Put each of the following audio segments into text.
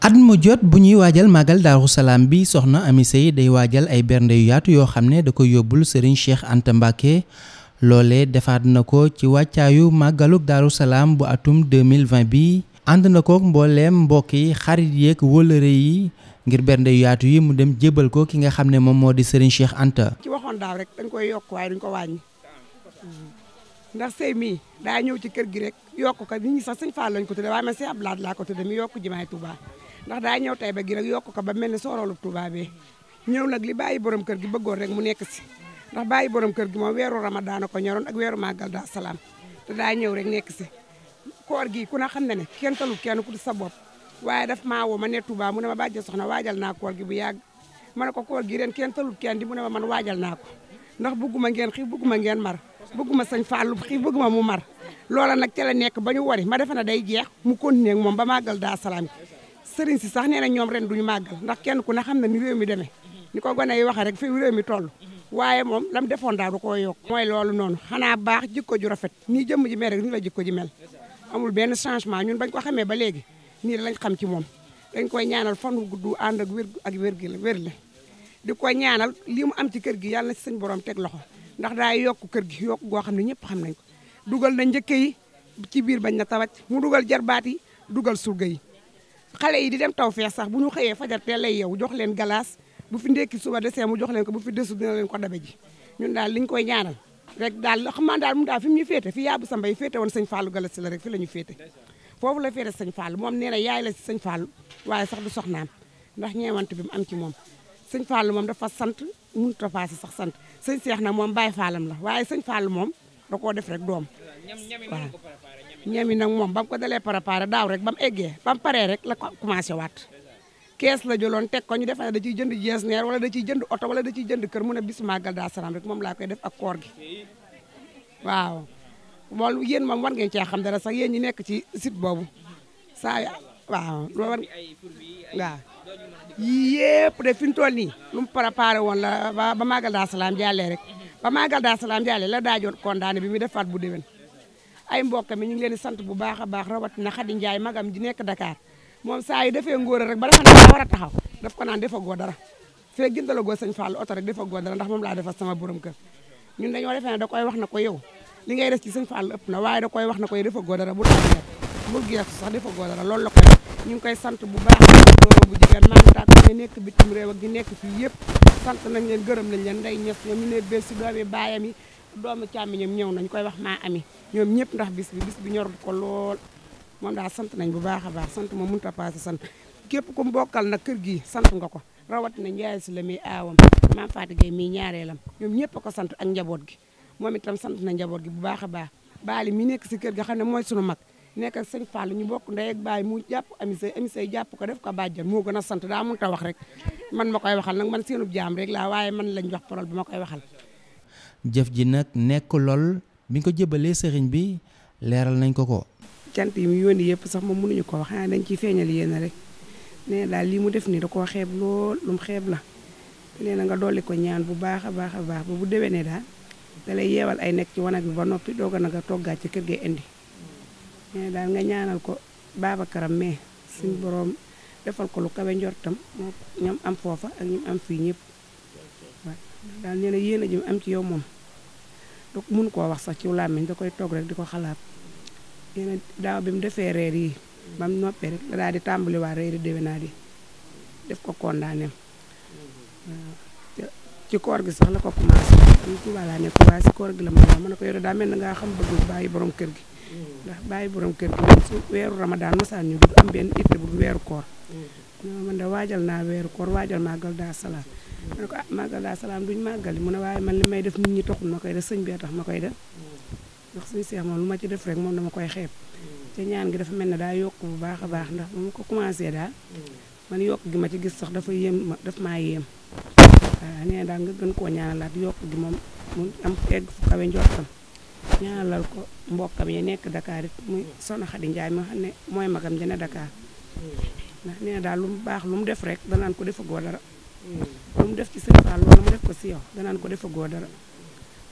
at mu jot bu ñuy waajal màggal daaru salaam bi soxna Amy Seye day waajal ay bernde yu yaatu yoo xam ne da ko yóbbul sëriñ Cheikh Anta Mbacke loolee defaat na ko ci wàccaayu màggaluk daaru salaam bu atum 2020 bi ànd na ko mbooleem mbokk yi xarit yeeg wëlëre yi ngir bernde yu yaatu yi mu dem jébal ko ki nga xam ne moom moo di sëriñ Cheikh Anta. ci waxoon daaw rek dañ koy yokk waaye duñ ko wàññi hmm. ndax sëy mii daa ñëw ci kër gi rek yokk ko nit ñi sax sëñ Fall lañ ko yokk jumaay ndax daa ñëw tey ba gi nag yokk ko ba mel ni sooroolu Touba bi ñëw nag li bàyyi borom kër gi bëggoon rek mu nekk si ndax bàyyi borom kër gi moom weeru ramadaan ko ñoroon ak weeru màggal daa salaam te daa ñëw rek nekk si koor gi ku na xam ne ne kenn talu kenn ku di sa bopp waaye daf maa woo ma ne Touba mu ne ma bàjje na waajal naa koor gi bu yàgg ma ne ko koor gi ren kenn talut kenn di mu ne ma man waajal naa ko ndax bëgguma ngeen xiif bëgguma ngeen mar bëgguma sañ fàllu xiif bëgguma mu mar loola nag ca la nekk ba ñu wari ma defe na day jeex mu continuer moom ba màggal daa salaam sëriñ si sax nee na ñoom ren ñu màggal ndax kenn ku na xam na ni réew mi demee ni ko gone yi waxee rek fi réew mi toll waaye moom lam defoon daal da koo yokk mooy loolu noonu xanaa baax jikko ju rafet nii jëmm ji rek nii la jikko ji mel amul benn changement ñun bañ ko xamee ba léegi nii lañ xam ci moom dañ koy ñaanal fan gudd ànd ak wér ak wér gi wér la di ko ñaanal lii mu am ci kër gi yàlla na sëñ borom teg loxo ndax yokk kër gi yokk goo xam ne ñëpp xam nañ ko dugal na njëkke yi ci biir bañ na tawat mu dugal jarbaat yi dugal surga yi xale yi di dem taw feex sax bu ñu xëyee fajar teel lay yow jox leen galaas bu fi ndekki suba desee mu jox leen ko bu fi desu dina leen ko dabe ji ñun daal liñ koy ñaanal rek daal xam naa daal mu daal fi mu ñu féete fi yaabu sambay féete woon sëñ Fallou Galass la rek fi la ñu foofu la féete sëñ Fallou moom nee na yaay la si sëñ Fallou waaye sax du soxnaam ndax ñeewante bi mu am ci moom sëñ Fallou moom dafa sant mënut a sax sant sëñ Cheikh na moom Baye Fallam la waaye sëñ Fallou moom da koo def rek doom ñami nag moom ba mu ko dalee préparé daaw rek ba mu eggee ba mu paree rek la commencé waat kees la jëloon teg ko ñu def ne da ciy jënd jees neer wala da ciy jënd wala da ciy jënd kër mu ne bis màggal daa salaam koy def ak koor gi waaw loolu yéen moom war ngeen cee xam dara sax yéen ñi nekk ci site boobu saa waaw loolu war de fi mu toll nii lu mu préparé woon la ba màggal daa salaam rek ba màggal daa salaam jàllee la daajoon kondaane bi mu defaat bu déwén ay mbokk mi ñu ngi leen di sant bu baax a baax rawatina Xadi Njaay magam ji nekk Dakar moom saa yu defee ngóor rek ba dafa ne daa war a taxaw daf ko naan defagoo dara feeg jëndala goo sëñ Fall oto rek defagoo dara ndax moom laa defal sama borom kër ñun dañoo defee ne da koy wax na ko yow li ngay def ci sëñ Fall ëpp na waaye da koy wax na ko yow defagoo dara bu taxaw bu geesu sax defagoo dara loolu la koy ñu ngi koy sant bu baax doomu bu jigéen maam tàkk ñu nekk bitim réew ak ñu nekk fii yëpp sant nañ leen gërëm nañ leen day ñes ñoom ñu ne bés si doomi doomu ñoom ñëw nañ koy wax maa ami ñoom ñëpp ndax bis bi bis bi ñor ko lool moom daal sant nañ bu baax a baax sant moom mënut a paase sant képp ku mu bokkal nag kër gi sant nga ko rawatina Ndiaye si la muy aawam maam Fatou Gueye miy ñaareelam ñoom ñëpp ko sant ak njaboot gi moom itam sant na njaboot gi bu baax a baax baali mi nekk si kër ga xam ne mooy sunu mag nekk ak sëñ Fall ñu bokk ndey ak baay mu jàpp ami say ami jàpp ko def ko bàjjan moo gën a sant daa mënut a wax rek man ma koy waxal nag man seenub jaam rek laa waaye man lañ jox parole bi ma koy waxal jëf ji nag nekk lool bi nga ko jëbalee sëriñ bi leeral nañ ko ko. cant yi mu yónni yëpp sax moom mënuñu ko wax xanaa dañ ciy feeñal yéen rek nee daal lii mu def nii da koo xeeb lool lum xeeb la nee na nga dolli ko ñaan bu baax a baax a baax ba bu déwénee daal da lay yeewal ay nekk ci wanag bi ba noppi doog a nag a toggaat ci kër gee indi nee daal nga ñaanal ko baabakaram mais suñ boroom defal ko lu kawe njortam ñoom am foofa ak ñi am fii ñëpp. daal nee na yéen a jëm am ci yow moom da mun koo wax sax ci làmmiñ da koy toog rek di ko xalaat nee daaw bi mu defee reer yi ba mu noppee rek daal di tàmbaliwaat reer yi naa yi def ko kondaaneem ci koor gi sax la ko commencé am Tuubaa laa nekk waaye si koor gi la ma wax ma ko yore daa na ngaa xam bëgg bàyyi borom kër gi ndax bàyyi borom kër gi su weeru ramadaan ñu du am benn itte bu weeru koor mm. man de waajal naa weeru koor waajal màggal daa salaat ma ne ko ah màggal daa salaam duñ màggali mu ne waaye man li may def nit ñi taxul ma koy def sëñ bee tax ma koy def ndax suñu seex moom lu ma ci def rek moom dama koy xeeb te ñaan gi dafa mel ne daa yokk bu baax a baax ndax bu ma ko commencé daal yokk gi ma ci gis sax dafa yéem ma daf maa yéem waaw nee gën koo ñaanalaat yokk gi moom mu am egg fu kawe njortam ñaanalal ko mbokkam yi nekk Dakar it muy Soxna Xadi Njaay ma xam ne mooy magam dina Dakar ndax nee daal lu mu baax lu mu def rek danaan ko goo dara mu def ci sëñ Fall loolu mu def ko si yow danaan ko defagoo dara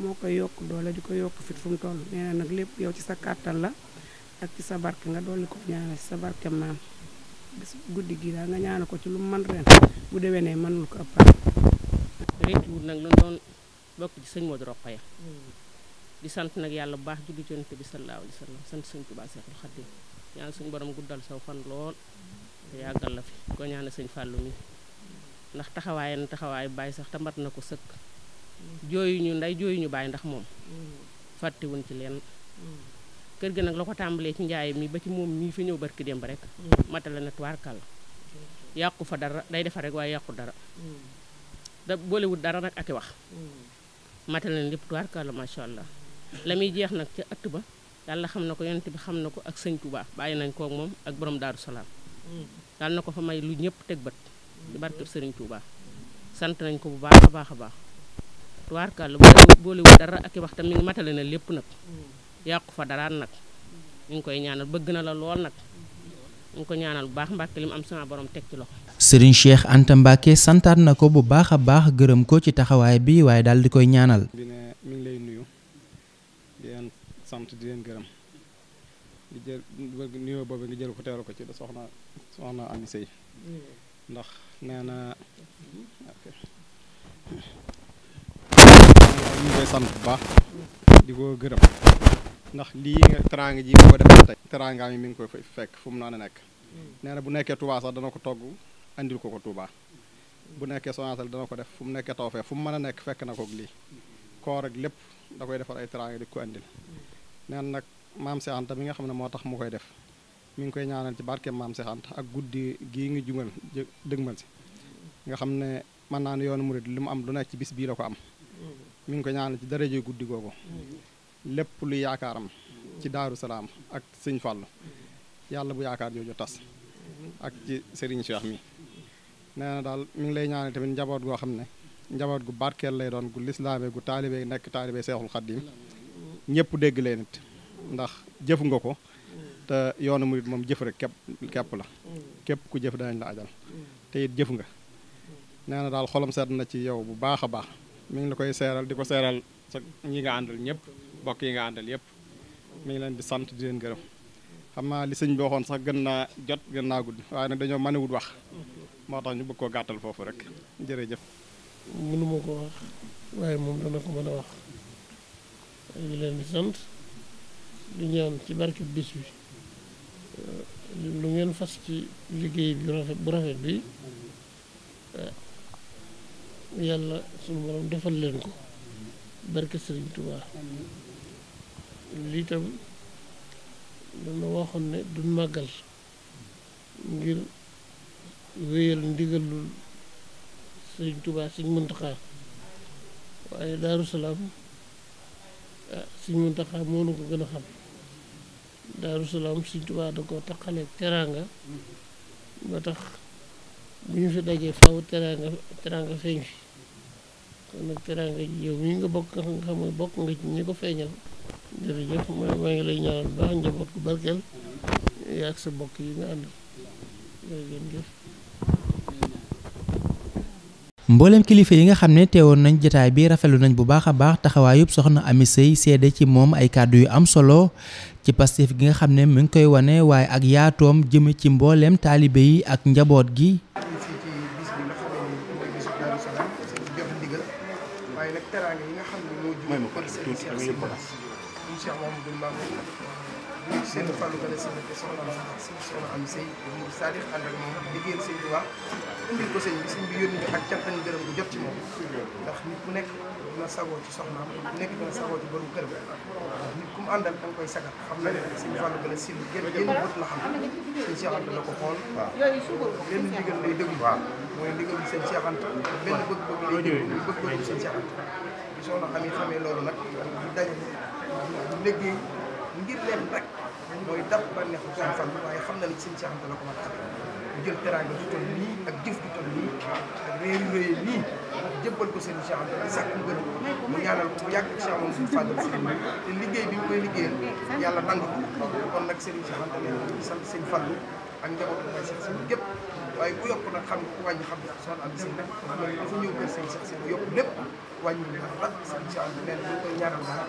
moo koy yokk doole di ko yokk fit fu mu toll nee nag lépp yow ci sa kàttan la ak ci sa barke nga dolli ko ñaanal ci sa barke maam guddi gi daal nga ñaanal ko ci lu man ren bu déwénee mënul ko ëppal réccu wut nag lan doon bokk ci sëñ Modou Rokhaya di sant nag yàlla bu baax julli ci Yonent bi sallallahu alayhi wa sallam sant sëñ Tuubaa Seexul Xadiim ñaan suñu fan lool te la fi ko sëñ Fàllu mi ndax taxawaay na taxawaayu bàyyi sax te mat na ko sëkk jooyuñu nday jooyuñu bàyyi ndax moom fàttewuñ ci leen kër gi nag la ko tàmbalee ci njaay mi ba ci moom mii fi ñëw barki démb rek matale na tuwaarkal yàqu fa dara day defar rek waaye yàqu dara da boolewut dara nag ak i wax matale na lépp tuwaarkal macha allah la muy jeex nag ca ëtt ba yàlla xam na ko yonent bi xam na ko ak sëñ Tuubaa bàyyi nañ koog moom ak boroom daaru salaam yàlla na ko fa may lu ñëpp teg di barkeb Serigne Touba sant nañ ko bu baax a baax a baax tubaarkàlla boolewul dara ak i wax tam mi ngi matale na lépp nag yàqu fa daraan nag ñu ngi koy ñaanal bëgg na la lool nag ñu ngi ko ñaanal bu baax Mbàkke lim mu am sama boroom teg ci loxo. Serigne Cheikh Anta Mbacke santaat na ko bu baax a baax gërëm ko ci taxawaay bi waaye daal di koy ñaanal. bi ne mi ngi lay nuyu di leen sant di leen gërëm di jël nuyoo boobu nga jël ko teeru ko ci soxna soxna Amy nee na ñu ngi koy sant ba di ko gërëm ndax lii nga teraanga ji ko defal tey teraangaam yi mi ngi koy fekk fu mu naan nekk mm. nee bu nekkee Touba sax dana ko togg indil ko ko Touba bu nekkee Sonatel dana ko def fu mu nekkee Tawfekh fu mu mën a nekk fekk na ko lii koor rek lépp da koy defal ay teraanga di ko andil mm. nee nag maam Seex Anta mi nga xam ne moo tax mu koy def mi ngi koy ñaanal ci barke maam Seex Anta ak guddi gii ngi jumal dëgmal si nga xam ne mën naa ne yoonu murid li mu am lu nekk ci bis bii la ko am mi ngi ko ñaanal ci daraje guddi googu lépp lu yaakaaram ci daaru salaam ak sëñ Fàllu yàlla bu yaakaar jooju tas ak ci Serigne Cheikh mi nee na daal mi ngi lay ñaanal tamit njaboot goo xam ne njaboot gu barkeel lay doon gu lislaame gu taalibe nekk taalibe Seexul Xaddim ñëpp dégg leen it ndax jëfu nga ko te yoonu murit moom jëf rek képp kepp la mm. képp ku jëf daañu la ajal mm. te jëf nga mm. nee na daal xolam set na ci yow bu baax a baax mi ngi la koy seeral di ko seeral sa ñi nga àndal ñëpp bokk yi nga àndal yëpp mu ngi leen di sant di leen gërëm xam naa li sëñ bi sax naa jot gën naa gudd dañoo mënewut wax moo tax ñu bëgg koo gàttal foofu rek jërëjëf ko wax wax ñu ñaan ci barke bis bi lu ngeen fas ci liggéey bi bu rafet bi eh, yàlla suñu borom defal leen ko barke sëriñ Tuubaa lii tam dana waxoon ne du màggal ngir wéyal ndigalul sëriñ Tuubaa sëñ Muntaxaa waaye Daaru Salaam ah sëñ Muntaxaa moo ko gën a xam daaru salaam Sëñ da koo taqaleeg teraanga ba tax bu ñu fi dajee faw teraanga teraanga feeñ fi kon nag teraanga ji yow mii nga bokk nga xam nga bokk nga ci ñi ko feeñal jërëjëf mooy maa ngi lay ñaanal baax njaboot gu barkeel yaa ak sa bokk yi nga àndal jërëjëf mbooleem kilifa yi nga xam ne teewoon nañ jotaay bi rafetlu nañ bu baax a baax taxawaayub soxna Amy Seye seede ci moom ay kàddu yu am solo ci Pastef gi nga xam ne mu ngi koy wane waaye ak yaatoom jëm ci mbooleem taalibe yi ak njaboot gi seen fàllu a sënate soxna soxna am sëy mu saadix ànd ak moom liggéeyal sëñ bu jot ndax nit ku nekk dina sagoo ci soxnaam ku nekk dina sagoo ci borom da koy sagal xam na si sëñ fàllu gën a sin génn génn bët la xam sëñ Cheikh ko xool lenn ndigal lay déglu mooy ndigalu sëñ Cheikh Anta benn bëgg-bëgg lay déglu bëgg-bëgg sëñ ngir leen rek mooy dàq bànneexu seen fan waaye xam na ni seen seexante a mu jël teraanga ak jëf ju toll ko seen seexante di sàkk ngën mu ñaanal ko yàgg ak seexante suñu fàggal si te bi mu koy liggéeyal yàlla ko kon nag seen seexante ne sant seen fàllu ak njabootu gépp waaye ku yokk nag xam ku wàññi xam ne soxna Aliou Seye nag dafa ñëw kër seen seex si bu yokk lépp wàññiwul dara seen si ànd nee na ñu koy a ba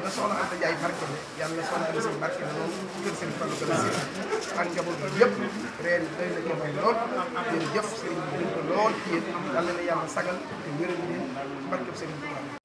nga soxla Anta Ndiaye barke la yàlla na soxla Anta Ndiaye barke a si ak njaboot bi yëpp reen doy na jëfay lool yéen jëf sëriñ bi ko lool ci yéen yàlla sagal te wéral leen barke sëriñ Tuubaa